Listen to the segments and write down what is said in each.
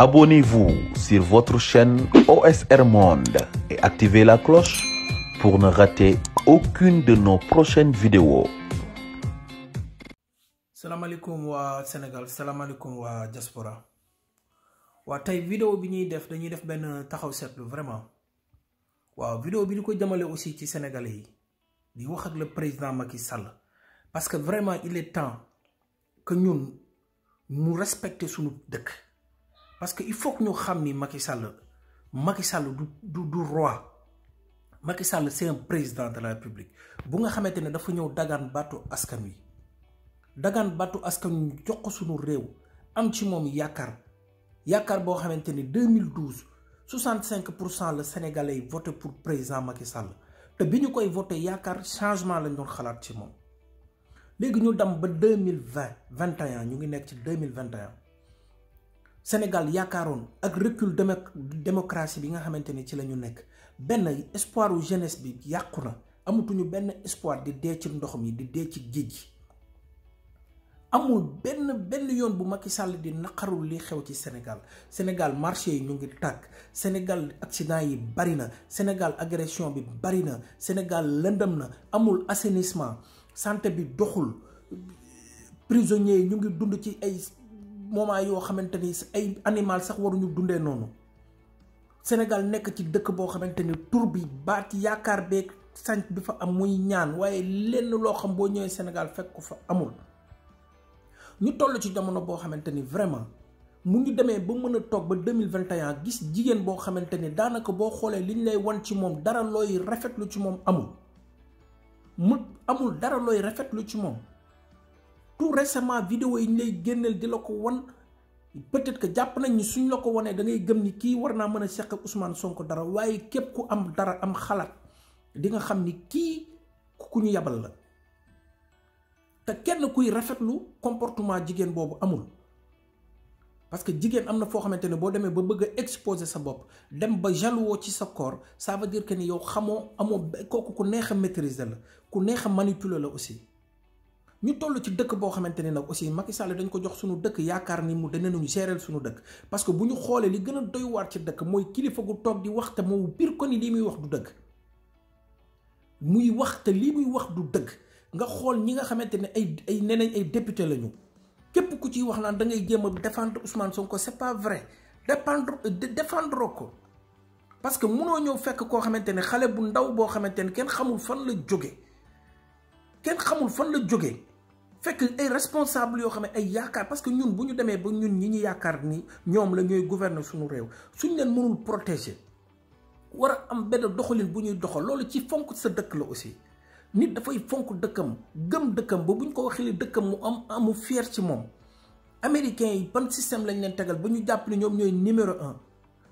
Abonnez-vous sur votre chaîne OSR Monde et activez la cloche pour ne rater aucune de nos prochaines vidéos. salaamaaleykum waa Sénégal salaamaaleykum waa diaspora waa tey vidéo bi ñuy def dañuy def benn taxaw seetlu vraiment waaw vidéo bi ñu ko jamale aussi ci sénégalais yi di wax ak président Macky Sall parce que vraiment il est temps que ñun mu respecter suñu dëkk. parce que il faut que ñu xam ni Macky Sall Macky Sall du du du roi Macky Sall c'est président de la République bu nga xamante ne dafa ñëw dagaan baatu askan wi dagaan baatu askan wi jox ko suñu réew am ci moom yaakaar yaakaar boo xamante ne 2012 65 pour cent la Sénégalais yi voté pour président Macky Sall te bi ñu koy voté yaakaar changement lañ doon xalaat ci moom léegi ñu dem ba 2020 21 ñu ngi nekk ci 2021. Sénégal yaakaaroon ak recul démocratie bi nga xamante ne ci lañu nekk benn espoir u jeunesse bi yàqu na amatuñu benn espoir di dee ci ndox mi di dee ci géej gi amul benn benn yoon bu Macky sàll di naqarul li xew ci Sénégal Sénégal marché yi ñu ngi tàkk Sénégal accident yi bari na Sénégal agression bi bari na Sénégal lëndëm na amul assainissement santé bi doxul prisonniers yi ñu ngi dund ci ay moment yoo xamante ni ay animal sax waruñu dundee noonu Sénégal nekk ci dëkk boo xamante ni tur bi baat yaakaar beeg sanc bi fa am muy ñaan waaye lenn loo xam boo ñëwee Sénégal fekk ko fa amul ñu toll ci jamono boo xamante ni vraiment mu ngi demee ba mën a toog ba deux mille vingt gis jigéen boo xamante ni daanaka boo xoolee liñ lay wan ci moom dara looy rafetlu ci moom amul mu amul dara looy rafetlu ci moom. tout récemment vidéo yi ñu lay génneel di la ko won peut-être que jàpp nañ ni suñ la ko wonee dangay gëm ni kii war naa mën a seq ak Ousmane Sonko dara waaye képp ku am dara am xalaat di nga xam ni kii ku ñu yabal la te kenn kuy rafetlu comportement jigéen boobu amul parce que jigéen am na foo xamante ne boo demee ba bëgg a exposer sa bopp dem ba jaloux ci sa corps ça veut dire ni yow xamoo amoo kooku ku neex a maîtriser la ku neex a la aussi. ñu toll ci dëkk boo xamante ne nag aussi Macky Sall dañ ko jox suñu dëkk yaakaar ni mu dana nañu gérer suñu dëkk parce que bu ñu xoolee li gën a doy ci dëkk mooy kilifa gu toog di waxte te moom biir ko ni lii muy wax du dëkk muy wax te lii muy wax du dëkk nga xool ñi nga xamante ne ay ay nee nañ ay député lañu képp ku ciy wax naan da ngay jéem a défendre Ousmane Sonko c'est pas vrai dépendre défendre ko parce que munoo ñëw fekk koo xamante ne xale bu ndaw boo xamante ne kenn xamul fan la jóge kenn xamul fan la jóge fekk ay responsable yoo xam ne ay yaakaar parce que ñun bu ñu demee ba ñun ñi ñu yaakaar ni ñoom la ñooy gouverner suñu réew suñ leen mënul protéger war a am benn doxalin bu ñuy doxal loolu ci fonk sa dëkk la aussi nit dafay fonk dëkkam gëm dëkkam ba bu ñu ko waxee dëkkam mu am amu fier ci moom américains yi ban système lañ leen tegal ba ñu jàpp ne ñoom ñooy numéro un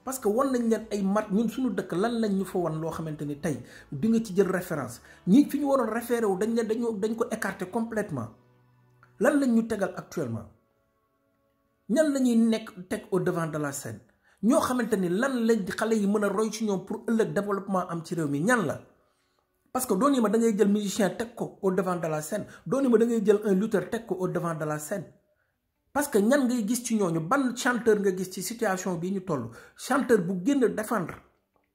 parce que wan nañ leen ay mat ñun suñu dëkk lan lañ ñu fa wan loo xamante ni tey di nga ci jël référence ñi fi ñu waroon référé wu dañ leen dañ ko écarté complètement lan lañ ñu tegal actuellement ñan la ñuy nekk teg au devant de la scène ñoo xamante ni lan lañ xale yi mën a roy ci ñoom pour ëllëg développement am ci réew mi ñan la parce que dooni ma da jël musicien teg ko au devant de la scène dooni ma da ngay jël un lutteur teg ko au devant de la scène parce que ñan ngay gis ci ñooñu ban chanteur nga gis ci situation bii ñu toll chanteur bu génn défendre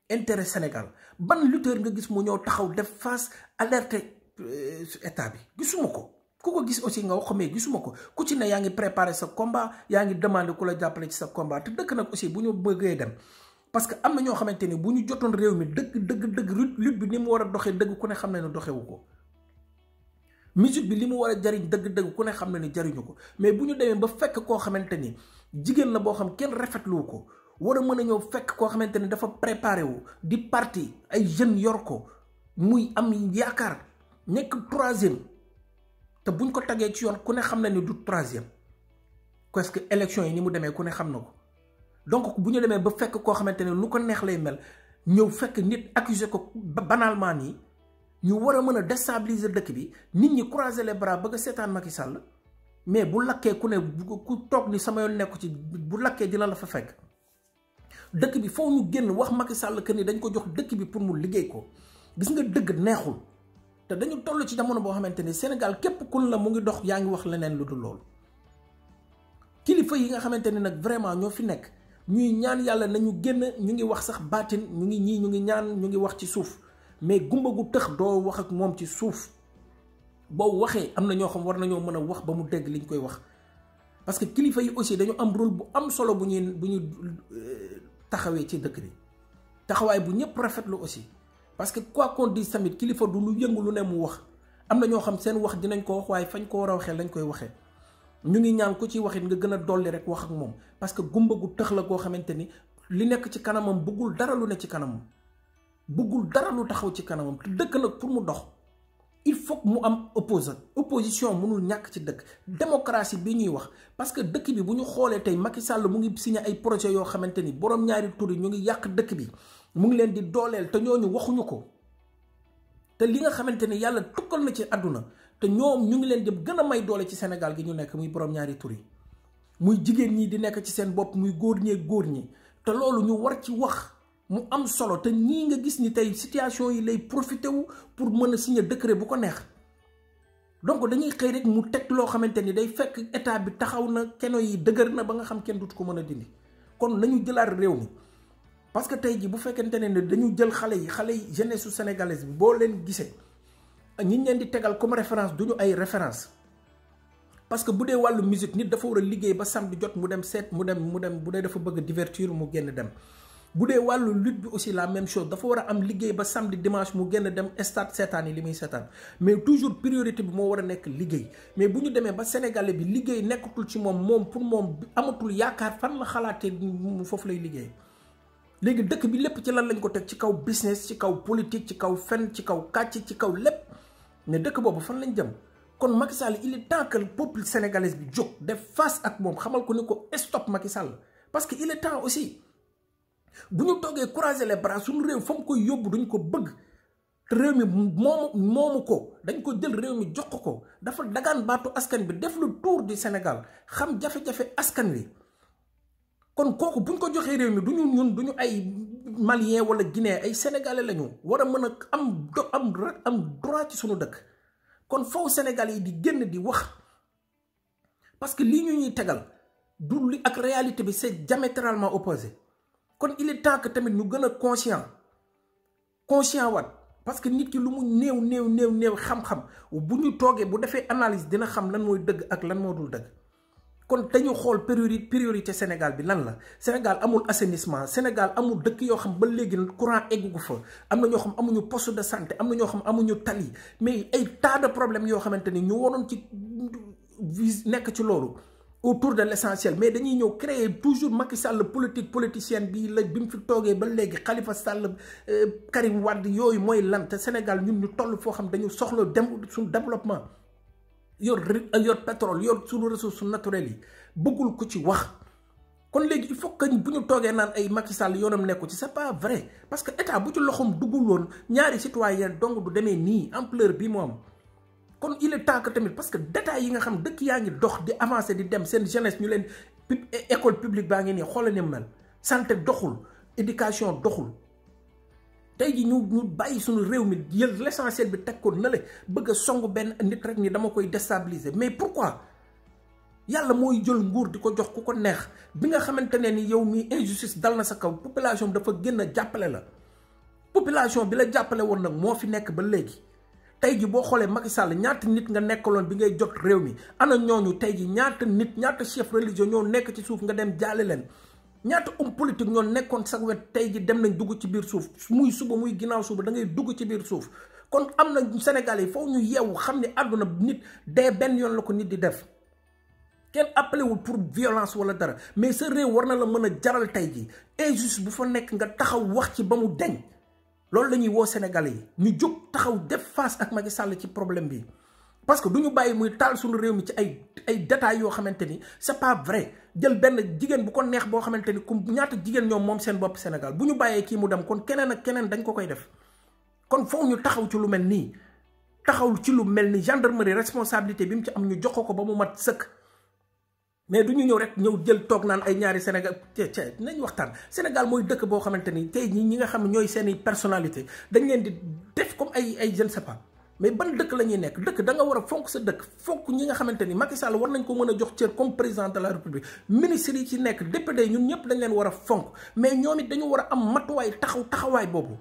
intérêt Sénégal ban lutteur nga gis mu ñëw taxaw def face alerte euh, état bi gisuma ko ku ko gis aussi nga wax ko gisuma ko ku ci ne yaa ngi préparé sa combat yaa ngi demandé ku la jàppale ci sa combat te dëkk nag aussi bu ñu bëggee dem parce que am na ñoo xamante ni bu ñu jotoon réew mi dëgg dëgg dëgg lutte bi ni mu war a doxe dëgg ku ne xam ne ne doxewu ko bi li mu war jariñ dëgg-dëgg ku ne xam ne ne jariñu ko mais bu ñu demee ba fekk koo xamante ni jigéen la boo xam kenn rafetlu ko war a mën a ñëw fekk koo xamante ni dafa préparé wu di parti ay jeunes yor ko muy am yaakaar nekk troisième te buñ ko tegee ci yoon ku ne xam na ni du troisième parce que élection yi ni mu demee ku ne xam na ko donc bu ñu demee ba fekk koo xamante ne lu ko neex lay mel ñëw fekk nit accuser ko banalement nii ñu war a mën a déstabiliser dëkk bi nit ñi croiser les bras bëgg seetaan Macky sàll mais bu lakkee ku ne ku toog ni sama yoon nekku ci bu lakkee dina la fa fekk dëkk bi foo ñu génn wax Macky sàll que ni dañ ko jox dëkk bi pour mu liggéey ko gis nga dëgg neexul. te dañu toll ci jamono boo xamante ni Sénégal képp kun la mu ngi dox yaa ngi wax leneen lu dul loolu kilifa yi nga xamante ne nag vraiment ñoo fi nekk ñuy ñaan yàlla na ñu génn ñu ngi wax sax baatin ñu ngi ñii ñu ngi ñaan ñu ngi wax ci suuf mais gumba gu tëx doo wax ak moom ci suuf boo waxee am na ñoo xam war nañoo mën a wax ba mu dégg liñ koy wax parce que kilifa yi aussi dañu am rôle bu am solo bu ñuy bu ñuy euh, taxawee ci dëkk bi taxawaay bu ñëpp rafetlu aussi. parce que quoi qu'on dise tamit kilifa du lu yëngu lu ne mu wax am na ñoo xam seen wax dinañ ko wax waaye fañ ko war a waxee lañ koy waxee ñu ngi ñaan ko ci waxit nga gën a dolli rek wax ak moom parce que gumba gu tëx la goo xamante ni li nekk ci kanamam bëggul dara lu ne ci kanamam bëggul dara lu taxaw ci kanamam te dëkk nag pour mu dox il faut mu am opposant opposition mënul ñàkk ci dëkk démocratie bi ñuy wax parce que dëkk bi bu ñu xoolee tey Macky Sall mu ngi si signé ay projet yoo xamante ni borom ñaari tur yi ñu ngi yàq dëkk bi mu ngi leen di dooleel te ñooñu waxuñu ko te li nga xamante ni yàlla tukkal na ci àdduna te ñoom ñu ngi leen di gën a may doole ci Sénégal gi ñu nekk muy borom ñaari tur muy jigéen ñi di nekk ci seen bopp muy góor ñee góor ñi te loolu ñu war ci wax mu am solo te ñii nga gis ni tey situation yi lay profité wu pour mën a signer décret bu ko neex donc dañuy xëy rek mu teg loo xamante ni day fekk état bi taxaw na keno yi dëgër na ba nga xam kenn dut ko mën a dindi kon nañu jëlaat réew parce que tey jii bu fekkente ne dañu jël xale yi xale yi jeunesse su sénégalaise bi boo leen gisee ñi leen di tegal comme référence du ñu ay référence parce que bu dee wàllu musique nit dafa war a liggéey ba di jot mu dem seet mu dem mu dem bu dee dafa bëgg divertir mu génn dem bu dee wàllu lutte bi aussi la même chose dafa war a am liggéey ba samedi dimanche mu génn dem stade seetaan yi li muy seetaan mais toujours priorité bi moo war a nekk liggéey mais bu ñu demee ba sénégalais bi liggéey nekkatul ci moom moom pour moom amatul yaakaar fan la xalaatee foofu lay liggéey léegi dëkk bi lépp ci lan lañ ko teg ci kaw business ci kaw politique ci kaw fen ci kaw kàcc ci kaw lépp mais dëkk boobu fan lañ jëm kon Macky Sall il est temps que le peuple bi jóg def fas ak moom xamal ko ni ko stop Macky Sall parce que il est temps aussi bu ñu toogee croiser les bras suñu réew fa mu koy yóbbu duñ ko bëgg te réew mi moomu moomu ko dañ ko jël réew mi jox ko dafa dagaan baatu askan bi def lu tour du Sénégal xam jafe-jafe askan wi. kon kooku buñ ko joxee réew mi du ñu ñun du ñu ay malien wala guinéen ay sénégalais lañu war a mën a am do am am droit ci suñu dëkk kon faw sénégalais yi di génn di wax parce que lii ñu ñuy tegal du li ak réalité bi c'est diamétralement opposé kon il est temps tamit ñu gën a conscient conscient waat parce que nit ki lu mu néew néew néew néew xam-xam bu ñu toogee bu defee analyse dina xam lan mooy dëgg ak lan moo dul dëgg kon dañu xool priorité priorité Sénégal bi lan la Sénégal amul assainissement Sénégal amul dëkk yoo xam ba léegi courant eggu gu fa am na ñoo xam amuñu post de santé am na ñoo xam amuñu tali mais ay tas de problèmes yoo xamante ni ñu waroon ci vis nekk ci loolu. autour de l' essentiel mais dañuy ñëw créer toujours Macky Sall politique politicienne bi la bi mu fi toogee ba léegi Khalifa Sall euh, Karim Wade yooyu mooy lan te Sénégal ñun ñu toll foo xam dañu soxla dem suñu développement. yor yor pétrole yor suñu ressources naturelles yi bëggul ko ci wax kon léegi il faut bu ñu toogee naan ay Macky Sall yoonam nekku ci sa pas vrai parce que état bu ci loxoom duggul woon ñaari citoyen dong du demee nii ampleur bi moom kon il est temps tamit parce que détails yi nga xam dëkk yaa ngi dox di avancé di dem seen jeunesse ñu leen école publique baa ngi nii xoola ne mel santé doxul éducation doxul tey ji ñu ñu bàyyi suñu réew mi yël l'essentiel bi teg ko nale bëgg a song benn nit rek ni dama koy déstabiliser mais pour pourquoi yàlla mooy jël nguur di ko jox ku ko neex bi nga xamante ne ni yow mii injustice dal na sa kaw population bi dafa gën a jàppale la population bi la jàppale woon nag moo fi nekk ba léegi tey ji boo xoolee Macky Sall ñaata nit nga nekkaloon bi ngay jot réew mi ana ñooñu tey ji ñaata nit ñaata chef religieux ñoo nekk ci suuf nga dem jaale leen ñaata homme politique ñoo nekkoon sax wet tey ji dem nañ dugg ci biir suuf muy suba muy ginnaaw suba dangay dugg ci biir suuf kon am na Sénégal yi foofu ñu yeewu xam ne àdduna nit dee benn yoon la ko nit di def kenn appelé wul pour violence wala dara mais sa réew war na la mën a jaral tey ji injuste bu fa nekk nga taxaw wax ci ba mu deñ loolu lañuy ñuy sénégal yi ñu jóg taxaw def face ak Macky Sall ci problème bi parce que du ñu bàyyi muy taal suñu réew mi ci ay ay yoo xamante ni c'est pas vrai jël benn jigéen bu ko neex boo xamante ni ku ñaata jigéen ñoom moom seen bopp Sénégal bu ñu bàyyee kii mu dem kon keneen ak keneen dañ ko koy def kon foofu ñu taxaw ci lu mel nii taxaw ci lu mel ni gendarmerie responsabilité bi mu ci am ñu joxo ko ba mu mat sëkk mais du ñu ñëw rek ñëw jël toog naan ay ñaari Sénégal te te nañ waxtaan Sénégal mooy dëkk boo xamante ni tey ñi ñi nga xam ñooy seen i personnalité dañ leen di def comme ay ay je ne mais ban dëkk la ñuy nekk dëkk da nga war a fonk sa dëkk fonk ñi nga xamante ni Macky Sall war nañ ko mën a jox cër comme président de la république ministre yi ci nekk député ñun ñëpp dañ leen war a fonk mais ñoom it dañu war a am matuwaay taxaw taxawaay boobu.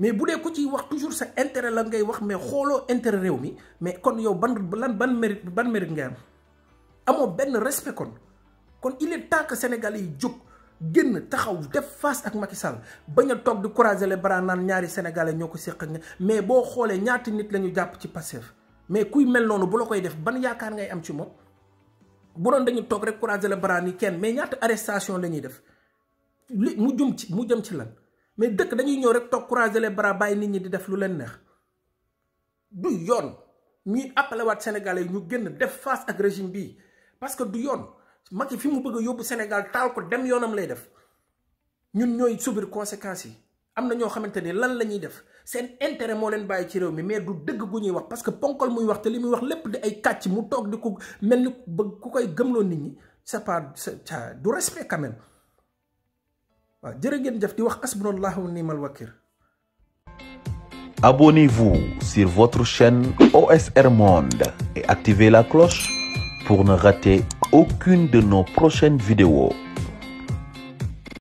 mais bu dee ko ciy wax toujours sa intérêt la ngay wax mais xooloo intérêt réew mi mais kon yow ban lan ban mérit ban mérit ngay am amoo benn respect kon kon il est temps que Sénégalais yi jóg. génn taxaw def fas ak Macky Sall bañ a toog di croiser les bras naan ñaari sénégalais ñoo ko séq ak mais boo xoolee ñaati nit la jàpp ci Pastef mais kuy mel noonu bu la koy def ban yaakaar ngay am ci moom bu doon dañu toog rek croiser les bras ni kenn mais ñaata arrestation la ñuy def mu jëm ci mu jëm ci lan mais dëkk dañuy ñëw rek toog croiser les bras bàyyi nit ñi di def lu leen neex du yoon ñuy appelé waat yi ñu génn def fas ak régime bii parce que du yoon. Macky fi mu bëgg yóbbu senegal taal ko dem yoonam lay def ñun ñooy subir conséquences yi am na ñoo xamante ni lan la ñuy def seen intérêt moo leen bàyyi ci réew mi mais du dëgg gu ñuy wax parce que ponkol muy wax te li muy wax lépp di ay kàcc mu toog di ko mel ni bëgg ku koy gëmloo nit ñi c'est pas du respect quand même waaw jërë ngeen jëf di wax asbunallahu wa ni'mal wakil Abonnez-vous sur votre chaîne OSR Monde et activez la cloche pour ne rater aucune de nos prochaines vidéos.